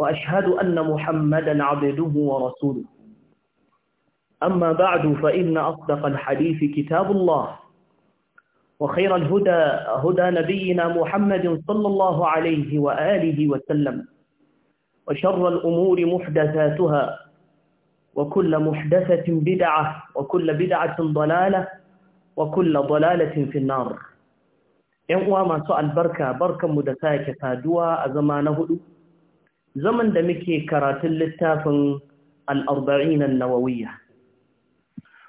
وأشهد أن محمدا عبده ورسوله أما بعد فإن أصدق الحديث كتاب الله وخير الهدى هدى نبينا محمد صلى الله عليه وآله وسلم وشر الأمور محدثاتها وكل محدثة بدعة وكل بدعة ضلالة وكل ضلالة في النار ‘Yan uwa masu بركة بركة da فادوا أزمانه zaman da muke karatun littafin al'arba'in nawawiya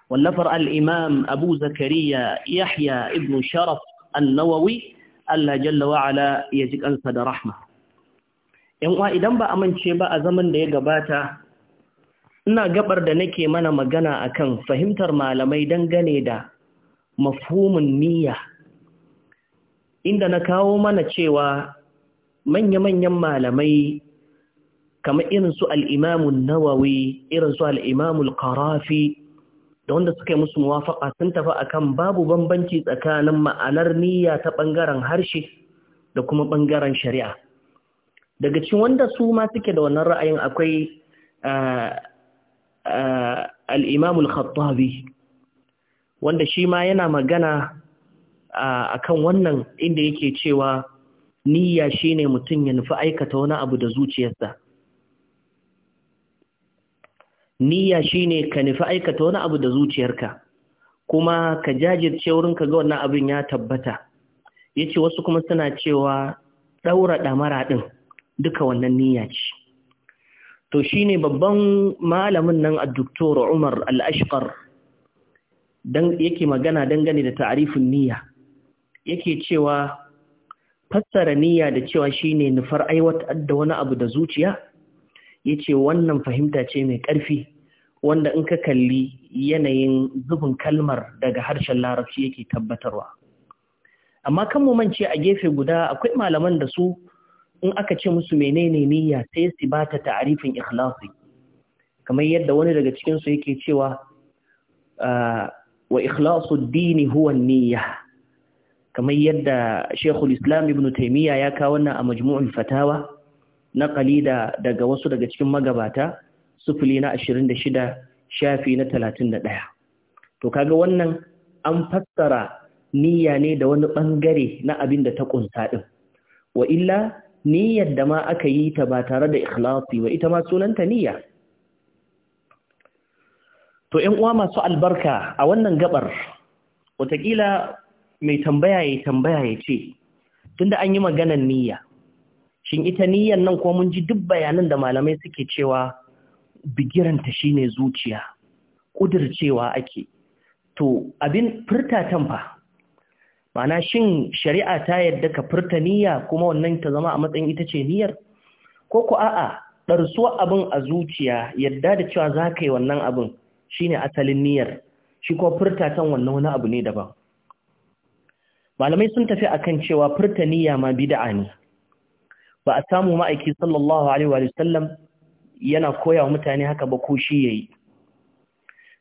wallafar al'imam abu zakariya yahya ibn sharaf al’awawi, Allah jalla wa'ala ya ji ƙansa da rahma uwa idan ba amince ba a zaman da ya gabata ina gabar da nake mana magana a kan fahimtar malamai dangane da mafhumin niyya inda na kawo mana cewa manya-manyan malamai kamar irin su al’imamu nawawi irin su al’imamu karafi da wanda suka yi musu muwafaka sun tafi a kan babu bambanci tsakanin ma'anar niyya ta ɓangaren harshe da kuma ɓangaren shari'a daga cikin wanda su ma suke da wannan ra'ayin akwai eh, eh, al'imamul khattabi wanda shi ma yana magana a kan wannan inda yake cewa niyya shine mutum ya nufi aikata wani abu da zuciyarsa niyya shine ka nufi aikata wani abu da zuciyarka kuma ka jajirce wurin ka ga wannan abin ya tabbata yace wasu kuma suna cewa daura damara din duka wannan niyya ce to shine babban malamin nan a doktor Umar al-Ashqar dan yake magana dangane da ta'arifin niyya yake cewa fassara niyya da cewa shine nufar aiwatar da wani abu da zuciya ya ce wannan fahimta ce mai ƙarfi wanda in ka kalli yanayin zubin kalmar daga harshen larabci yake tabbatarwa amma kan mu mance a gefe guda akwai malaman da su in aka ce musu menene niyya sai su ba ta ta'arifin ikhlasi kamar yadda wani daga cikin su yake cewa ah, wa ikhlasu dini huwa niyya kamar yadda Sheikhul Islam Ibn Taymiyyah ya kawo wannan a Majmu'ul Fatawa Na kalida daga wasu daga cikin magabata sufuli na 26 shafi na 31 to kaga wannan an fassara niyya ne da wani bangare na abin da ta kunsa din wa illa niyyar da ma aka yi ta ba tare da ikhlasi wa ita ma sunanta niyya to ƴan uwa masu albarka a wannan gabar watakila mai tambaya ya tambaya ya ce tunda an yi maganar niyya shin ita niyyan nan kuma mun ji duk bayanan da malamai suke cewa bigiranta shine zuciya kudircewa ake to abin furta fa ma'ana shin shari'a ta yadda ka furta niyya kuma wannan ta zama a matsayin ita ce niyyar ko ku a'a ɗarsuwa abin a zuciya yadda da cewa za ka yi wannan abin shine asalin niyyar shi ko furta tan wannan wani abu ne daban malamai sun tafi akan cewa furta niyya ma bid'a ne ba a samu ma'aiki sallallahu alaihi wa sallam yana koya mutane haka ba ko shi yayi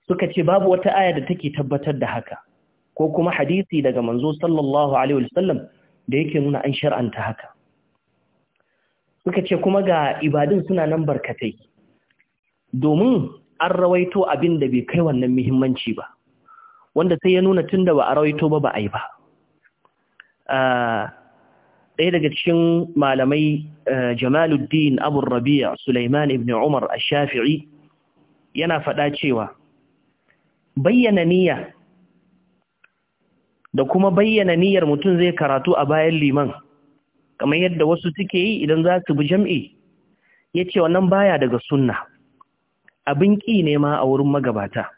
suka ce babu wata aya da take tabbatar da haka ko kuma hadisi daga manzo sallallahu alaihi wa sallam da yake nuna an shar'anta haka suka ce kuma ga ibadun suna nan barkatai domin an rawaito abin da bai kai wannan muhimmanci ba wanda sai ya nuna tunda ba a rawaito ba ba a yi ba ah, ɗaya daga cikin malamai eh, jamaluddin abu rabia suleiman ibn umar a shafi'i yana faɗa cewa bayyana niyya da kuma bayyana niyyar mutum zai karatu a bayan liman kamar yadda wasu suke yi idan za su bi jam'i ya ce wannan baya daga sunna abin ƙi ne ma a wurin magabata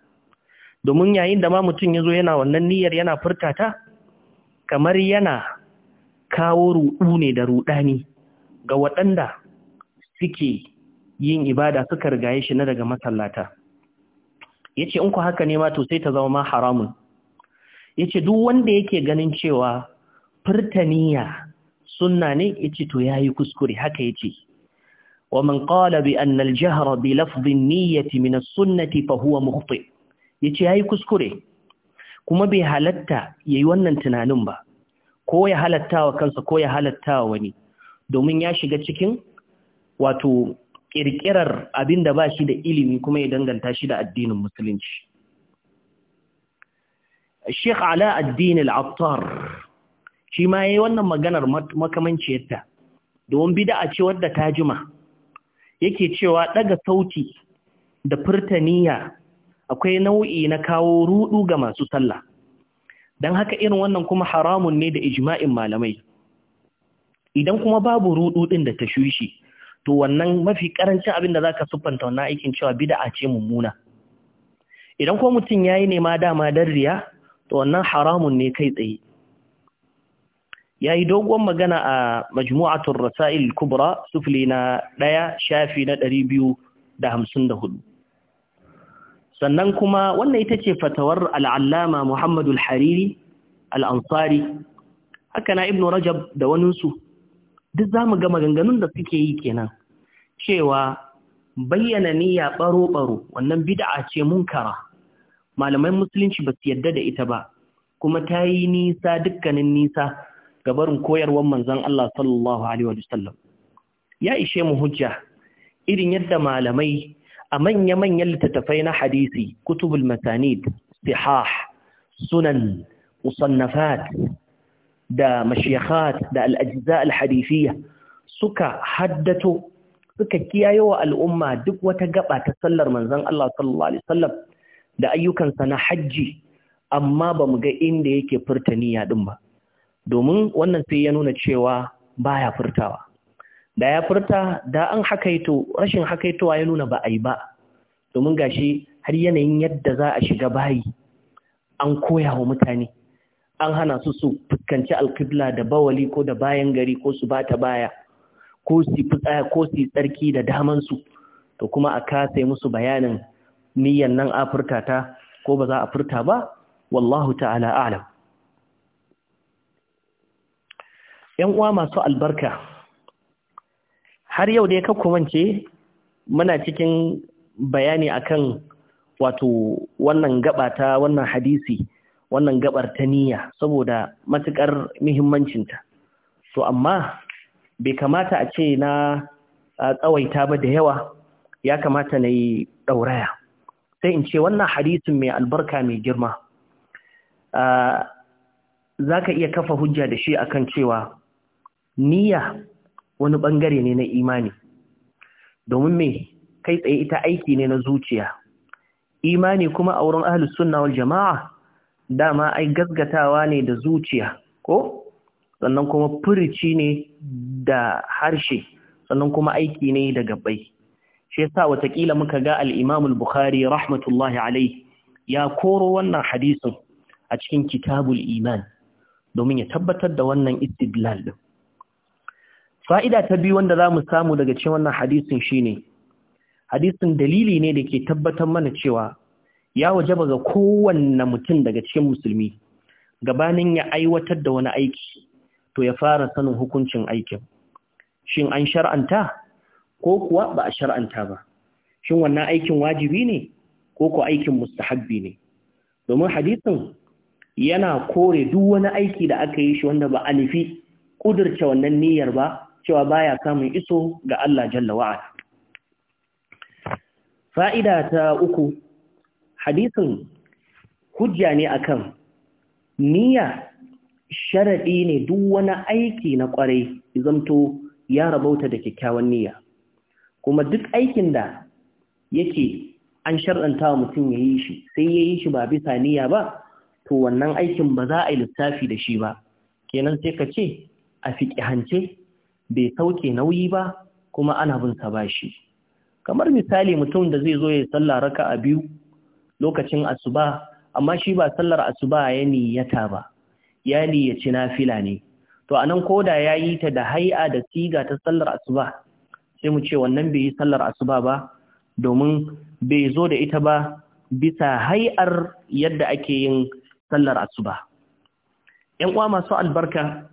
domin yayin da ma mutum ya zo yana wannan niyyar yana furtata kamar yana kawo ruɗu ne da ruɗani ga waɗanda suke yin ibada suka rigaye shi na daga masallata yace in ku haka ne ma to sai ta zama ma haramun yace duk wanda yake ganin cewa furtaniya sunna ne yace to yayi kuskure haka yace wa man qala bi anna al bi lafz niyyati min as-sunnati fa huwa mukhti yace yayi kuskure kuma bai halatta yayi wannan tunanin ba ko ya halatta wa kansa ko ya halatta wa wani domin ya shiga cikin wato ƙirƙirar abin da ba shi da ilimi kuma ya danganta shi da addinin musulunci Sheikh Ala al al'attar shi ma ya yi wannan maganar makamanciyarta domin bida a ce wadda ta jima yake cewa ɗaga sauti da furtaniya akwai nau'i na kawo rudu ga masu sallah don haka irin wannan kuma haramun ne da ijma'in malamai idan kuma babu rududin da ta shushi to wannan mafi karancin abin da za ka siffanta wannan aikin cewa bida'a ce mummuna idan kuma mutum ya yi nema dama don riya to wannan haramun ne kai tsaye Yayi yi dogon magana a Majmuatun rasa'il kubra sufli na ɗaya shafi na ɗari biyu da hamsin da hudu sannan kuma wannan ita ce fatawar al'allama Muhammadu al-Hariri al'ansari haka na ibn Rajab da waninsu duk za mu ga maganganun da suke yi kenan cewa bayyana niyya ɓaro-ɓaro wannan bid'a ce munkara malamai musulunci ba su yadda da ita ba kuma ta yi nisa dukkanin nisa ga barin koyarwar manzon Allah sallallahu ya ishe mu hujja irin yadda malamai a manya-manyan littattafai na hadisi kutubul masanid sihah sunan musannafat da mashiyakat da al'ajiza al suka haddato suka kiyaye wa al'umma duk wata gaba ta sallar manzon Allah sallallahu alaihi wasallam da ayyukansa na hajji amma ba mu ga inda yake furta niyya ba domin wannan sai ya nuna cewa baya furtawa da ya furta da an hakaito rashin hakaitowa ya nuna ba a yi ba domin gashi har yanayin yadda za a shiga bayi an koya wa mutane an hana su su fuskanci alkibla da bawali ko da bayan gari ko su bata baya ko su fitsaya ko su tsarki da damansu to kuma a kasa musu bayanin niyan nan a ta ko ba za a furta ba wallahu ta'ala a'lam yan uwa masu albarka har yau dai ka kumance muna cikin bayani akan wato wannan gaba ta wannan hadisi wannan gabar ta niyya saboda matukar muhimmancinta to amma bai kamata a ce na tsawaita ba da yawa ya kamata na yi ɗauraya sai in ce wannan hadisin mai albarka mai girma za ka iya kafa hujja da shi akan cewa niyya wani ɓangare ne na imani domin me kai tsaye ita aiki ne na zuciya imani kuma a wurin ahlus sunna wal jama'a dama ai gazgatawa ne da zuciya ko sannan kuma furici ne da harshe sannan kuma aiki ne da gabbai shi yasa watakila muka ga al bukhari rahmatullahi alayhi ya koro wannan hadisin a cikin kitabul iman domin ya tabbatar da wannan istidlal din fa'ida ta biyu wanda za mu samu daga cikin wannan hadisin shine hadisin dalili ne da ke tabbatar mana cewa ya waje ba ga kowanne mutum daga cikin musulmi gabanin ya aiwatar da wani aiki to ya fara sanin hukuncin aikin shin an shar'anta ko kuwa ba a shar'anta ba shin wannan aikin wajibi ne ko kuwa aikin mustahabbi ne domin hadisin yana kore duk wani aiki da aka yi shi wanda ba a nufi ƙudurce wannan niyyar ba cewa baya samun iso ga Allah jalla Wa'ad? fa'ida ta uku hadisin hujja ne akan niyya sharaɗi ne duk wani aiki na ƙwarai zamto ya rabauta da kyakkyawan niyya kuma duk aikin da yake an sharɗanta wa mutum ya yi shi sai ya yi shi ba bisa niyya ba to wannan aikin ba za a yi lissafi da shi ba kenan sai ka ce a fiƙihance bai sauke nauyi ba kuma ana bin sa bashi kamar misali mutum da zai zo ya sallah raka'a biyu lokacin asuba amma shi ba sallar asuba ya niyyata ba ya niyyaci nafila ne to anan koda yi ta da hay'a da siga ta sallar asuba sai mu ce wannan bai yi sallar asuba ba domin bai zo da ita ba bisa hay'ar yadda ake yin sallar asuba ƴan uwa masu albarka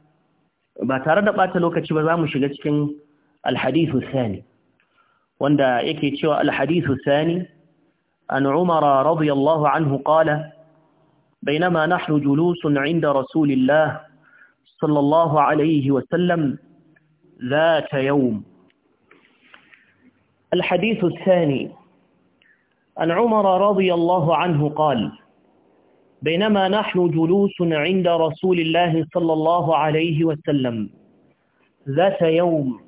ba tare da bata lokaci ba za mu shiga cikin alhadithu sani wanda yake cewa alhadithu sani an umar radiyallahu anhu qala bainama nahnu julusun inda rasulillah sallallahu صلى wa sallam وسلم ذات يوم الحديث الثاني عن عمر رضي الله عنه قال بينما نحن جلوس عند رسول الله صلى الله عليه وسلم ذات يوم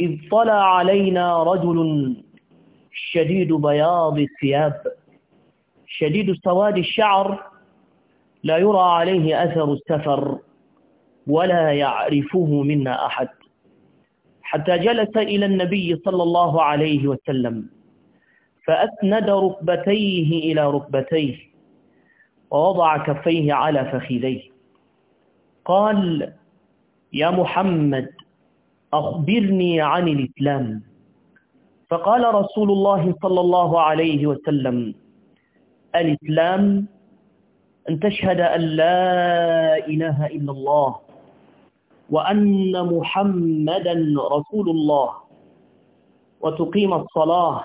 إذ طلع علينا رجل شديد بياض الثياب شديد سواد الشعر لا يرى عليه أثر السفر ولا يعرفه منا أحد حتى جلس إلى النبي صلى الله عليه وسلم فأسند ركبتيه إلى ركبتيه ووضع كفيه على فخذيه قال يا محمد أخبرني عن الإسلام فقال رسول الله صلى الله عليه وسلم الإسلام أن تشهد أن لا إله إلا الله وأن محمدا رسول الله وتقيم الصلاة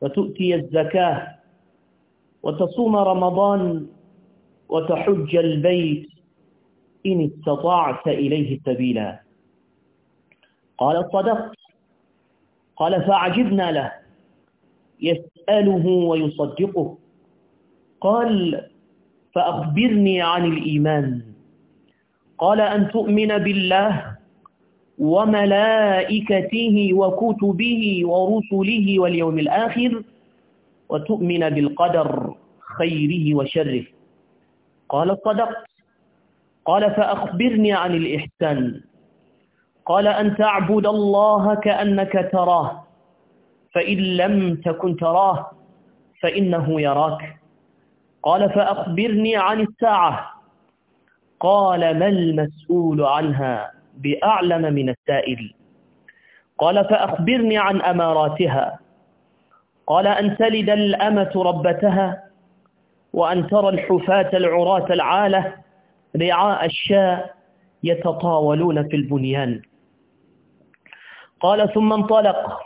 وتؤتي الزكاة وتصوم رمضان وتحج البيت إن استطعت إليه سبيلا قال صدقت قال فعجبنا له يسأله ويصدقه قال فأخبرني عن الإيمان قال أن تؤمن بالله وملائكته وكتبه ورسله واليوم الآخر وتؤمن بالقدر خيره وشره قال صدقت قال فأخبرني عن الإحسان قال أن تعبد الله كأنك تراه فإن لم تكن تراه فإنه يراك قال فأخبرني عن الساعة قال ما المسؤول عنها بأعلم من السائل قال فأخبرني عن أماراتها قال أن تلد الأمة ربتها وأن ترى الحفاة العراة العالة رعاء الشاء يتطاولون في البنيان قال ثم انطلق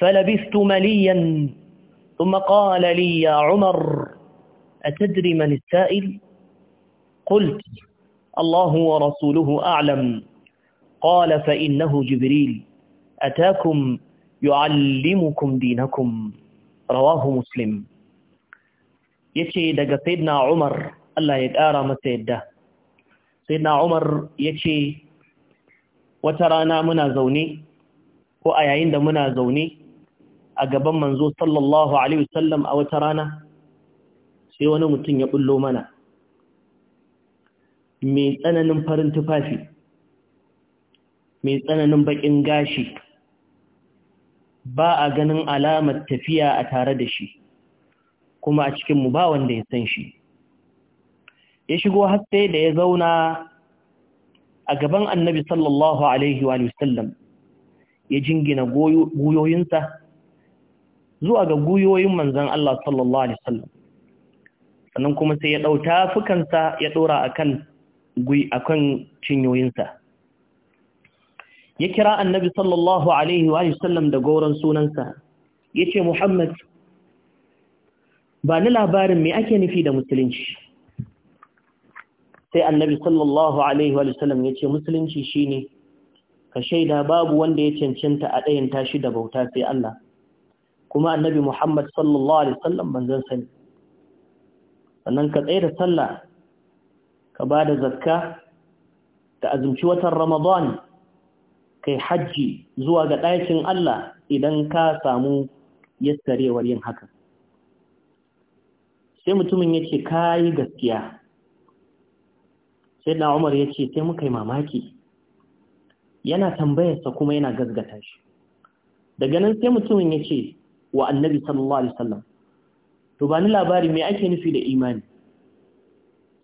فلبثت مليا ثم قال لي يا عمر أتدري من السائل؟ قلت الله ورسوله أعلم قال فإنه جبريل أتاكم يعلمكم دينكم رواه مسلم yace daga sayyidina Umar Allah ya ƙara masa yadda sayyidina Umar yace wata rana muna zaune ko a yayin da muna zaune a gaban manzo sallallahu alaihi wasallam a wata rana sai wani mutum ya bullo mana mai tsananin farin tufafi mai tsananin baƙin gashi ba a ganin alamar tafiya a tare da shi kuma a cikinmu ba wanda ya san shi ya shigo har sai da ya zauna a gaban annabi sallallahu alaihi wa sallam ya jingina guyoyinsa zuwa ga guyoyin manzan Allah sallallahu alaihi sallam, sannan kuma sai ya ɗau tafukansa ya ɗora akan gui akan cinyoyinsa ya kira annabi sallallahu alaihi wa sallam da goron sunansa yace Muhammad ba labarin me ake nufi da musulunci sai annabi sallallahu alaihi wa sallam ya ce musulunci shine ka shaida babu wanda ya cancanta a ɗayin tashi da bauta sai Allah kuma annabi Muhammad sallallahu alaihi wasallam manzon sani sannan ka tsaya da sallah ka da zakka ka azumci watan Ramadan kai hajji zuwa ga ɗakin Allah idan ka samu yassarewar yin hakan sai mutumin ya ce kayi gaskiya sai na umar ya ce sai muka yi mamaki yana tambayarsa kuma yana gasgata shi daga nan sai mutumin ya ce wa annabi sallallahu alaihi wasallam to ba ni labari me ake nufi da imani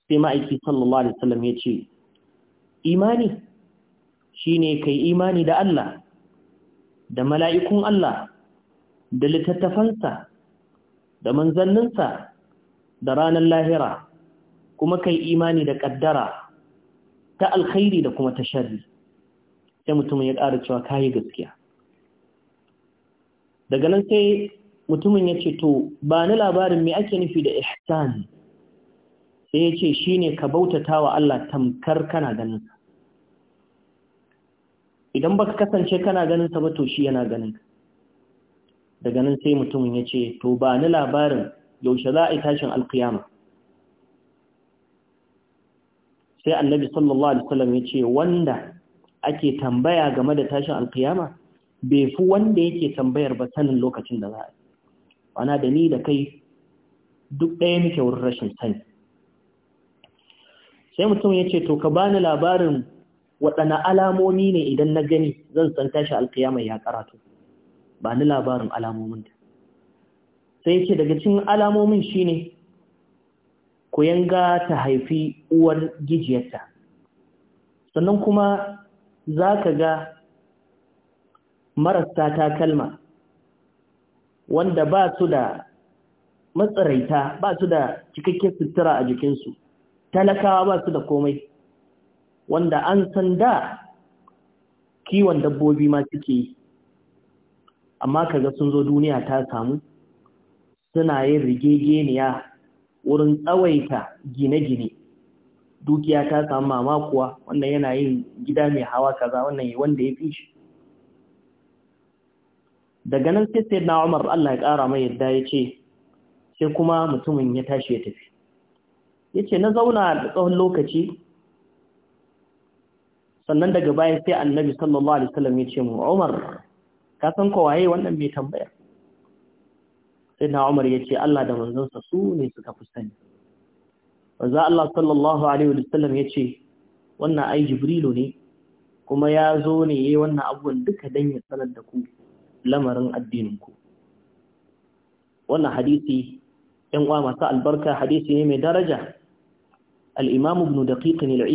sai ma'aiki sallallahu alaihi wasallam ya ce imani shine kai imani da Allah da mala'ikun Allah da littattafansa da manzanninsa da ranar lahira kuma kai imani da kaddara ta alkhairi da kuma ta sharri sai mutumin ya ƙara cewa kayi gaskiya daga nan sai mutumin ya ce to ba ni labarin me ake nufi da ihsan sai ya ce shine ka bautata wa Allah tamkar kana ganin sa idan baka kasance kana ganin sa ba to shi yana ganin daga nan sai mutumin ya ce to ba ni labarin yaushe za a yi tashin alkiyama sai annabi sallallahu alaihi wasallam ya ce wanda ake tambaya game da tashin alkiyama bai fi wanda yake tambayar ba sanin lokacin da za a yi wana da ni da kai duk ɗaya muke wurin rashin sani sai mutum ya ce to ka bani labarin waɗanne alamomi ne idan na gani zan san tashin alkiyama ya karatu ba ni labarin alamomin ta sai ce daga cikin alamomin shine yanga ta haifi uwar gijiyarta sannan kuma za ka ga marasta takalma wanda ba su da matsaraita ba su da cikakken sutura a jikinsu talakawa ba su da komai wanda an san da kiwon dabbobi ma suke yi amma ka ga sun zo duniya ta samu suna yin rigegeniya wurin tsawaita gine-gine dukiya ta samu mamakuwa wannan yana yin gida mai hawa kaza wannan yi wanda ya fi shi daga nan sai na umar Allah ya kara mai yadda ya ce sai kuma mutumin ya tashi ya tafi ya ce na zauna da tsawon lokaci sannan daga baya sai annabi sallallahu alaihi wasallam ya ce mu umar ka san ko wannan mai tambaya sai na umar ya ce Allah da manzansa su ne suka fi sani Allah sallallahu alaihi wasallam ya ce wannan ai jibrilu ne kuma ya zo ne yayi wannan abubuwan duka dan ya sanar da ku lamarin addinin ku wannan hadisi yan uwa masu albarka hadisi ne mai daraja al-imam ibn daqiq al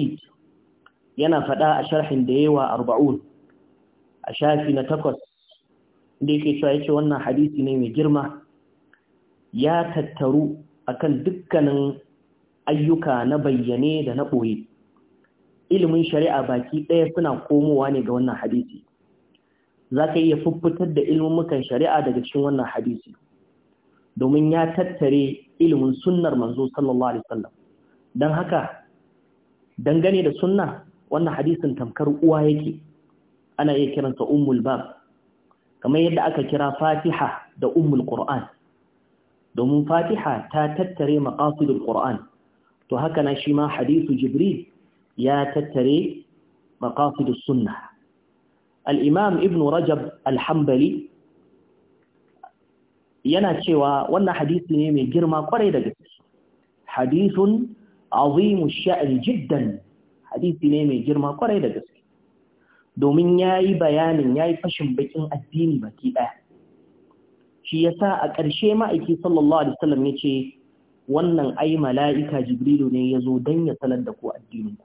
yana faɗa a sharhin da yawa arba'un. a shafi na takwas da yake cewa yace wannan hadisi ne mai girma ya tattaru akan dukkanin ayyuka na bayyane da na ɓoye ilimin shari'a baki ɗaya suna komowa ne ga wannan hadisi za ka iya fuffutar da ilmummukan shari'a daga cikin wannan hadisi domin ya tattare ilimin sunnar manzo sallallahu alaihi wasallam don haka dangane da sunna wannan hadisin tamkar uwa yake ana iya kiransa ummul bab kamar yadda aka kira fatiha da ummul qur'an domin fatiha ta tattare maqasidul qur'an to haka na shi ma hadithu jibril ya tattare maƙasudin sunnah al-imam ibn rajab alhambali yana cewa wannan hadisi ne mai girma kwarai da gaske hadithun azimu sha'ri jiddan hadisi ne mai girma kwarai da gaske domin ya yi bayanin ya yi fashin baƙin addini baki ɗaya shi yasa a ƙarshe ma'aiki sallallahu alaihi wasallam ya ce wannan ai mala'ika jibrilu ne ya zo dan ya sanar da ku addininku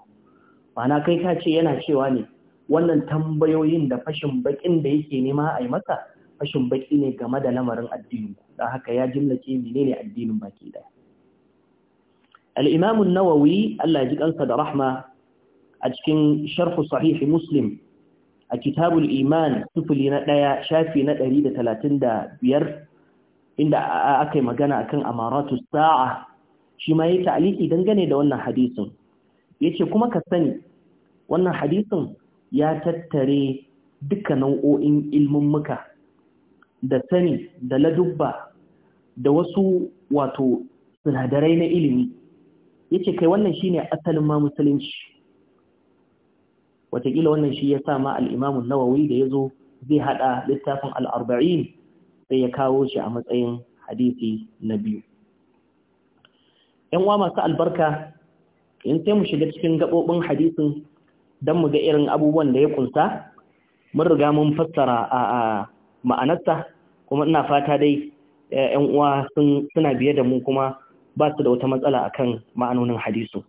mana kai ka ce yana cewa ne wannan tambayoyin da fashin baƙin da yake nema a yi masa fashin baƙi ne game da lamarin addininku don haka ya jimlace menene addinin baki ɗaya al'imamun nawawi allah ji kansa da rahma a cikin sharhu sahihi muslim a kitabul iman sufuli na ɗaya shafi na ɗari da talatin da biyar inda aka yi magana akan amaratu sa'a shi ma ya ta'aliki dangane da wannan hadisun ya ce kuma ka sani wannan hadisin ya tattare duka nau'o'in muka da sani da ladubba da wasu wato sinadarai na ilimi ya ce kai wannan shi ne asalin ma musulunci watakila wannan shi ya sa ma al nawawi da ya zo zai haɗa littafin al’arba’in sai ya kawo shi a matsayin hadisi na biyu yan'uwa masu albarka in sai mu shiga cikin gaɓoɓin hadisin don mu ga irin abubuwan da ya ƙunsa, mun riga mun fassara a ma'anarsa kuma ina fata dai ƴan eh, uwa suna biye da mu kuma ba su da wata matsala a kan ma'anonin hadisu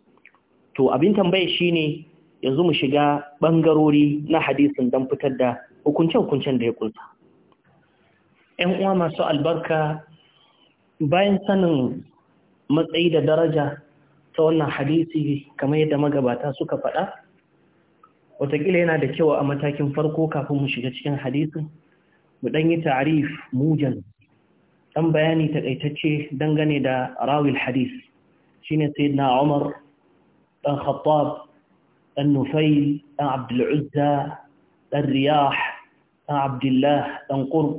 to abin tambaye ne. yanzu mu shiga ɓangarori na hadisin don fitar da hukunce-hukuncen da ya kunsa. ‘Yan uwa masu albarka bayan sanin matsayi da daraja ta wannan hadisi kamar yadda magabata suka faɗa, watakila yana da kyau a matakin farko kafin mu shiga cikin hadisin, mu ɗan yi tarif mujan, ɗan bayani taƙaitacce dangane da rawil hadis, shine Sayyidina Umar ɗan Khattab ɗan Nufail, ɗan Abdul'uzza, ɗan Riyah, ɗan Abdullah, ɗan Qurb,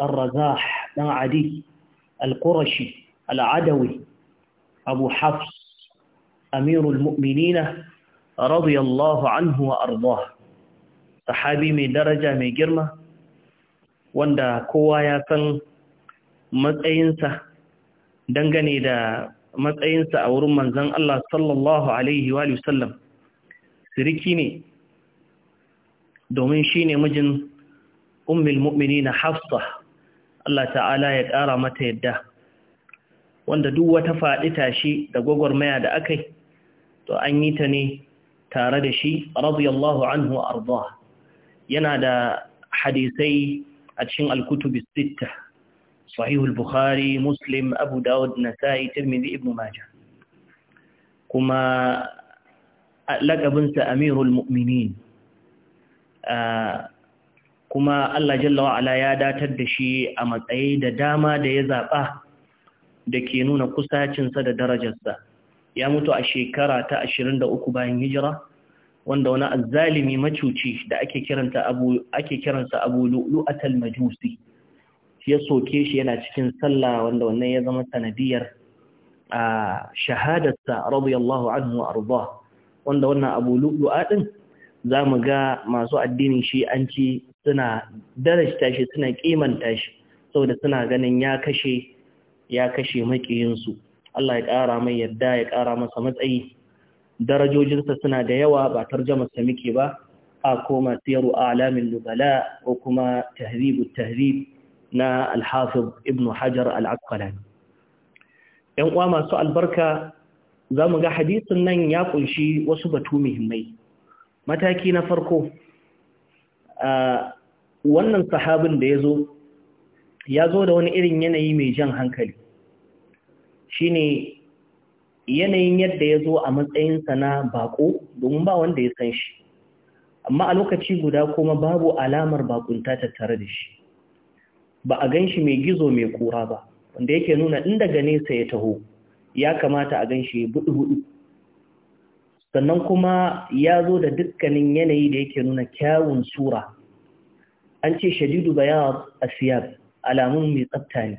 ɗan Razah, ɗan Adi, Al-Qurashi, Al-Adawi, Abu Hafs, Amirul Mu'minina, radiyallahu anhu wa ardah. Sahabi mai daraja mai girma, wanda kowa ya san matsayinsa dangane da matsayinsa a wurin manzan Allah sallallahu siriki ne domin shi ne mijin ummul na hafsa Allah ta'ala ya ƙara mata yadda wanda duk wata faɗi tashi da gwagwarmaya da aka yi to an yi ta ne tare da shi radiyallahu anhu arda yana da hadisai a cikin al-kutubi sitta sahih al-bukhari muslim abu dawud nasa'i tirmidhi ibn majah kuma lakabinsa amirul mu'minin kuma Allah jalla wa'ala ya datar da shi a matsayi da dama da ya zaɓa da ke nuna kusacinsa da darajarsa ya mutu a shekara ta 23 bayan hijira wanda wani azzalimi macuci da ake kiranta abu ake kiransa abu lu'atal majusi ya soke shi yana cikin sallah wanda wannan ya zama sanadiyar a shahadarsa radiyallahu anhu wa ardah wanda wannan abu lu'lu'a din za mu ga masu addinin shi an ci suna darajta shi suna kimanta shi saboda suna ganin ya kashe ya kashe maƙiyinsu Allah ya ƙara mai yadda ya ƙara masa matsayi darajojinsa suna da yawa ba tarjamarsa muke ba a koma siyaru alamin lubala ko kuma tahribu tahrib na alhafiz ibnu hajar al-asqalani yan uwa masu albarka za mu ga hadisin nan ya kunshi wasu batu muhimmai mataki na farko wannan sahabin da ya zo ya zo da wani irin yanayi mai jan hankali shine yanayin yadda ya zo a matsayinsa na bako domin ba wanda ya san shi amma a lokaci guda kuma babu alamar bakunta tattare da shi ba a gan shi mai gizo mai kura ba wanda yake nuna inda gane nesa ya taho ya kamata a gan shi buɗu-buɗu sannan kuma ya zo da dukkanin yanayi da yake nuna kyawun sura an ce shadidu bayad asiyab alamun mai tsafta ne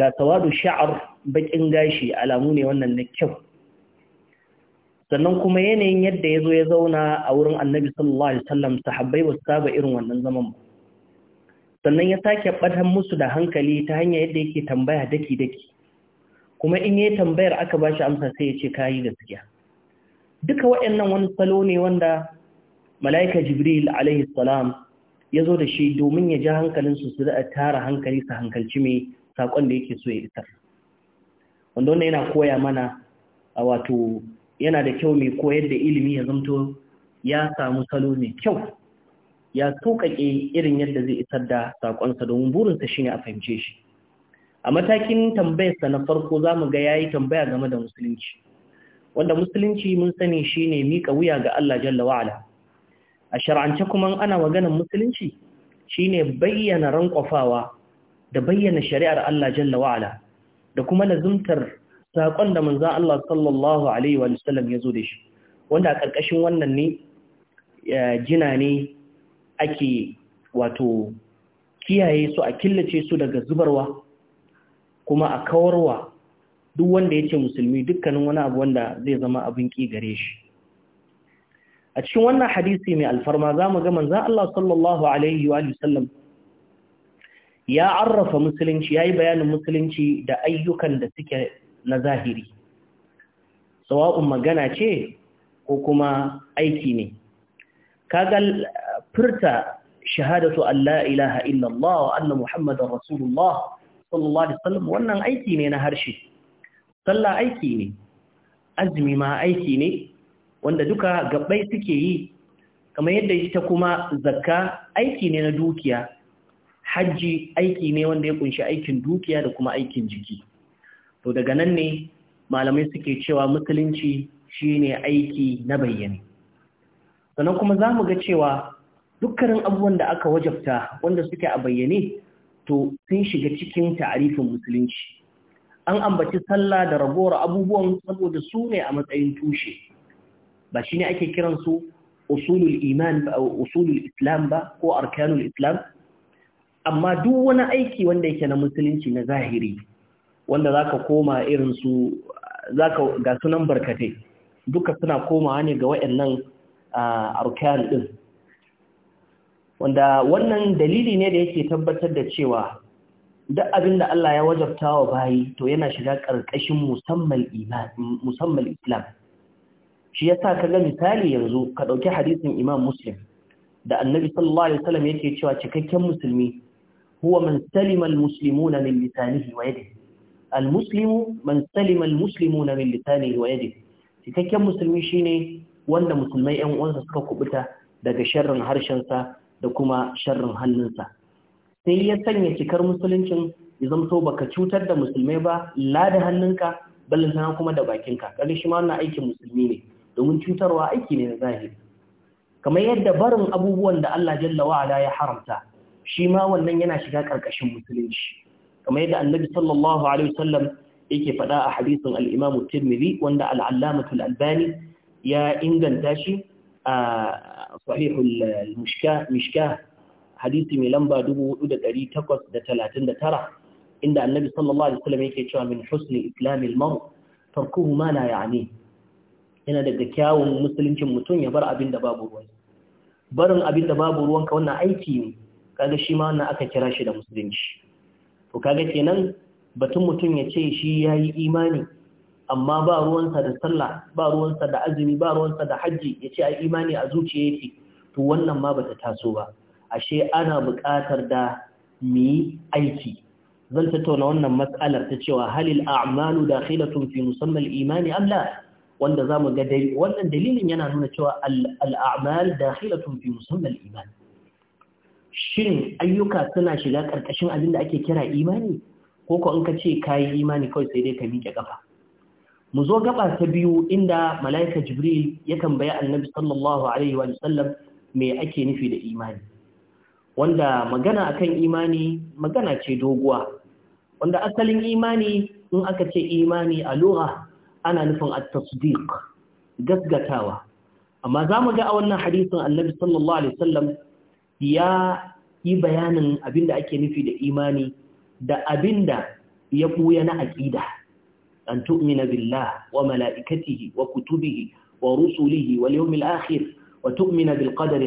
ga sawadu sha'ar bakin gashi alamu ne wannan na kyau sannan kuma yanayin yadda ya zo ya zauna a wurin annabi sallallahu alaihi wasallam sahabbai ba su saba irin wannan zaman ba sannan ya sake ɓatan musu da hankali ta hanyar yadda yake tambaya daki-daki kuma in yi tambayar aka bashi amsa sai ya ce kayi gaskiya duka waɗannan wani salo ne wanda mala'ika jibril alaihi salam ya zo da shi domin ya ji hankalinsu su da tara hankali su hankalci mai saƙon da yake so ya isar wanda wannan yana koya mana a wato yana da kyau mai koyar da ilimi ya zamto ya samu salo mai kyau ya sauƙaƙe irin yadda zai isar da saƙonsa domin burinsa shi ne a fahimce shi a matakin tambayarsa na farko za mu ga ya yi tambaya game da musulunci wanda musulunci mun sani shi ne miƙa wuya ga Allah jalla wa'ala a shar'ance kuma ana maganar musulunci shi ne bayyana rankwafawa da bayyana shari'ar Allah jalla wa'ala da kuma lazumtar saƙon da manza Allah sallallahu alaihi wa sallam ya zo da shi wanda a ƙarƙashin wannan ne jina ne ake wato kiyaye su a killace su daga zubarwa kuma a kawarwa duk wanda ya ce musulmi dukkanin wani abu wanda zai zama abin ƙi gare shi a cikin wannan hadisi mai alfarma za mu ga za Allah sallallahu alaihi wa ya arrafa musulunci ya yi bayanin musulunci da ayyukan da suke na zahiri sawa'un magana ce ko kuma aiki ne kagal furta shahadatu Allah ilaha illallah wa anna muhammadar rasulullah sallallahu alaihi wasallam wannan aiki ne na harshe sallah aiki ne azumi ma aiki ne wanda duka gabbai suke yi kamar yadda ita kuma zakka aiki ne na dukiya hajji aiki ne wanda ya kunshi aikin dukiya da kuma aikin jiki to daga nan ne malamai suke cewa musulunci shine aiki na bayyane sannan kuma za mu ga cewa dukkanin abubuwan da aka wajabta wanda suke a bayyane to sun shiga cikin ta'arifin musulunci an ambaci sallah da ragowar abubuwan saboda su ne a matsayin tushe ba shi ne ake kiran su usulul iman ba usulul islam ba ko arkanul islam amma duk wani aiki wanda yake na musulunci na zahiri wanda zaka koma irin su zaka ga sunan barkatai duka suna komawa ne ga wayannan ah, arkan din wanda wannan dalili ne da yake tabbatar da cewa duk abin da Allah ya wajabta wa bayi to yana shiga ƙarƙashin musamman islam shi ya sa kaga misali yanzu ka ɗauki hadisin imam muslim da annabi sallallahu alaihi wasallam yake cewa cikakken musulmi huwa man salima almuslimuna min lisanihi wa yadihi almuslimu man salima almuslimuna min lisanihi wa yadihi cikakken musulmi shine wanda musulmai ƴan uwansa suka kubuta daga sharrin sa. da kuma sharrin hannunsa sai ya sanya cikar musuluncin ya zamto baka cutar da musulmai ba lada hannunka ballantana kuma da bakinka kaga shi ma wannan aikin musulmi ne domin cutarwa aiki ne na zahiri kamar yadda barin abubuwan da Allah jalla wa'ala ya haramta shi ma wannan yana shiga karkashin musulunci kamar yadda annabi sallallahu alaihi wasallam yake faɗa a hadisin al-Imam Tirmidhi wanda al-Allamah al-Albani ya inganta shi صحيح المشكاة مشكاة حديث lamba لمبا دبو ودى قري تقص دا تلاتين دا ترى عند النبي صلى الله عليه وسلم يكي من حسن إسلام المرء تركه ما لا يعنيه yana da kyawun musuluncin mutum ya bar abin da babu ruwan barin abin da babu ruwanka aiki ne kaga shi ma wannan aka kira shi da musulunci to kaga kenan batun mutum ya ce shi yayi imani amma ba ruwansa da sallah ba ruwansa da azumi ba ruwansa da hajji ya ce a imani a zuciya yake to wannan ma bata taso ba ashe ana buƙatar da mu yi aiki zan tattauna wannan matsalar ta cewa halil a'malu dakhilatun fi musammal imani am la wanda zamu ga dai wannan dalilin yana nuna cewa al a'mal dakhilatun fi musammal imani shin ayyuka suna shiga karkashin abin da ake kira imani ko ko in ka ce kayi imani kawai sai dai ka miƙe kafa mu zo gaba ta biyu inda mala'ika jibril ya tambaya annabi sallallahu alaihi wa sallam me ake nufi da imani wanda magana akan imani magana ce doguwa wanda asalin imani in aka ce imani a lura ana nufin at-tasdiq gasgatawa amma za mu ga a wannan hadisin annabi sallallahu alaihi wasallam ya yi bayanin abinda ake nufi da imani da abinda ya buya na aqida An wa wa أن تؤمن بالله وملائكته وكتبه ورسله واليوم الآخر وتؤمن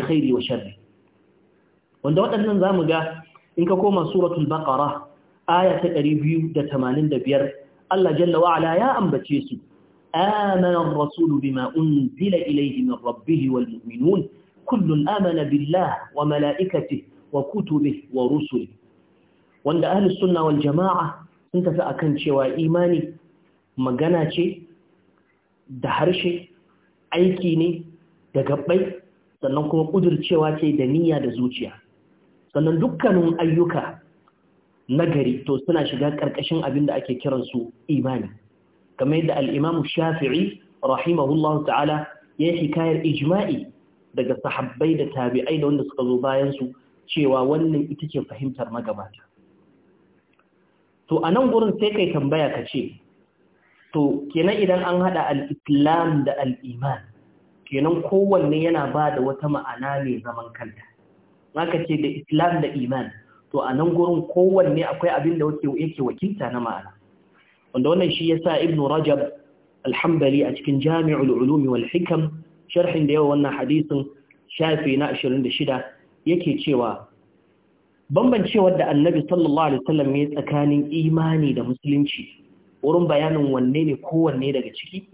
khairi wa وشر wanda waɗannan za mu ga in ka koma suratul baƙara aya ta ɗari biyu da 285 Allah jalla wa ala ya ambace su amana ar-rasul bima unzila ilayhi min rabbih wal mu'minun kullun amana billah wa mala'ikati wa kutubihi wa rusulihi wanda ahlus sunna wal jamaa sun tafi akan cewa imani magana ce da harshe aiki ne da gabbai sannan kuma ƙudurcewa ce da niyya da zuciya sannan dukkanin ayyuka nagari to suna shiga ƙarƙashin abin da ake kiransu imani kamar yadda al'imamu shafi'i rahimahullahu ta'ala ya yi hikayar ijma'i daga sahabbai da tabi'ai da wanda suka zo bayansu cewa wannan ita ce fahimtar magabata to a nan gurin sai kai tambaya ka ce to kenan idan an hada al-islam da al-iman kenan kowanne yana ba da wata ma'ana ne zaman kanta aka ce da islam da iman to a nan gurin kowanne akwai abin da yake wakilta na ma'ana wanda wannan shi yasa ibn rajab alhambali a cikin jami'ul ulumi wal hikam sharhin da yawa wannan hadisin shafi na 26 yake cewa bambancewar da annabi sallallahu alaihi wasallam ya tsakanin imani da musulunci wurin bayanin wanne ne kowanne daga ciki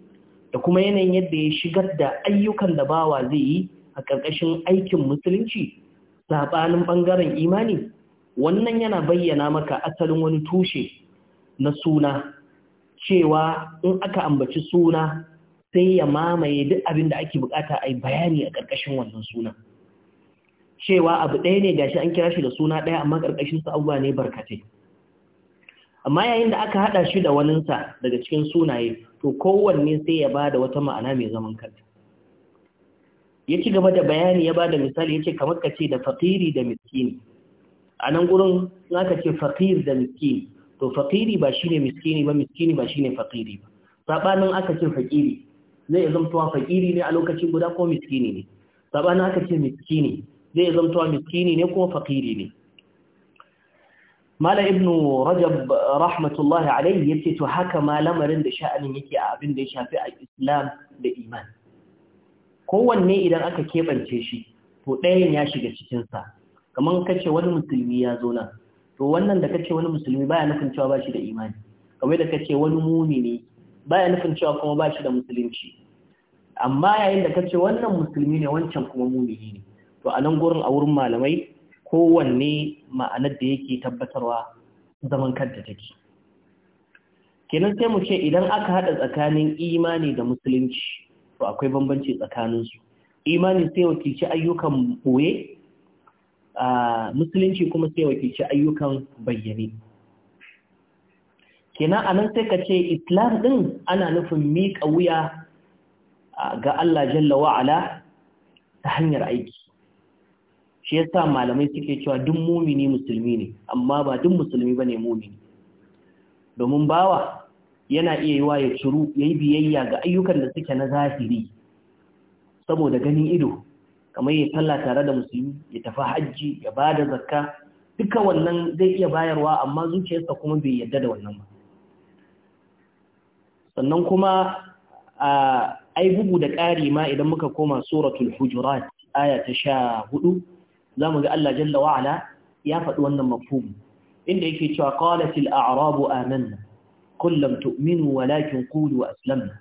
da kuma yanayin yadda ya shigar da ayyukan da bawa zai yi a ƙarƙashin aikin musulunci saɓanin ɓangaren imani wannan yana bayyana maka asalin wani tushe na suna cewa in aka ambaci suna sai ya mamaye duk abin da ake bukata a yi bayani a ƙarƙashin wannan sunan cewa abu ɗaya ne gashi an kira shi da suna ɗaya amma ƙarƙashin su abubuwa ne barkatai amma yayin da aka haɗa shi da waninsa daga cikin sunaye to kowanne sai ya ba da wata ma'ana mai zaman kanta ya ci gaba da bayani ya ba da misali ya ce kamar ka ce da fakiri da miskini a nan gurin aka ce fakir da miskini to fakiri ba shi ne miskini ba miskini ba shi ne fakiri ba saɓanin aka ce fakiri zai iya zamtowa fakiri ne a lokacin guda ko miskini ne saɓanin aka ce miskini zai iya zamtowa miskini ne ko fakiri ne mala ibnu rajab rahmatullahi alaihi ce to haka ma lamarin da sha'anin yake a abin da ya shafi a islam da iman kowanne idan aka keɓance shi to ɗayan ya shiga cikinsa kamar kace wani musulmi ya zo nan to wannan da kace wani musulmi baya nufin cewa ba shi da imani kamar da kace wani mumini baya nufin cewa kuma ba shi da musulunci amma yayin da kace wannan musulmi ne wancan kuma mumini ne to a nan gurin a wurin malamai kowanne ma'anar da yake tabbatarwa zaman kanta take kenan sai mu ce idan aka haɗa tsakanin imani da musulunci to akwai bambanci tsakaninsu imani sai wakilci ayyukan ɓoye musulunci kuma sai wakilci ayyukan bayyane kenan anan sai ka ce islam ɗin ana nufin miƙa wuya ga Allah jalla wa'ala ta hanyar aiki shi yasa malamai suke cewa duk mumini musulmi ne amma ba duk musulmi ba ne mumini domin bawa yana iya yiwa ya ciru yayi biyayya ga ayyukan da suke na zahiri saboda ganin ido kamar ya talla tare da musulmi ya tafi hajji ya bada zakka duka wannan zai iya bayarwa amma zuciyarsa kuma bai yadda da wannan ba sannan kuma ai bugu da ƙari ma idan muka koma suratul hujurat aya ta sha hudu za قال ga Allah jalla wa'ala ya أن wannan mafhum inda yake cewa qalatil a'rabu amanna qul lam tu'minu walakin qulu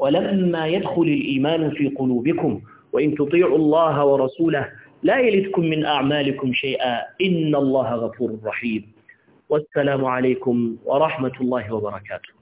ولما يدخل الإيمان في قلوبكم وإن تطيعوا الله ورسوله لا يلدكم من أعمالكم شيئا إن الله غفور رحيم والسلام عليكم ورحمة الله وبركاته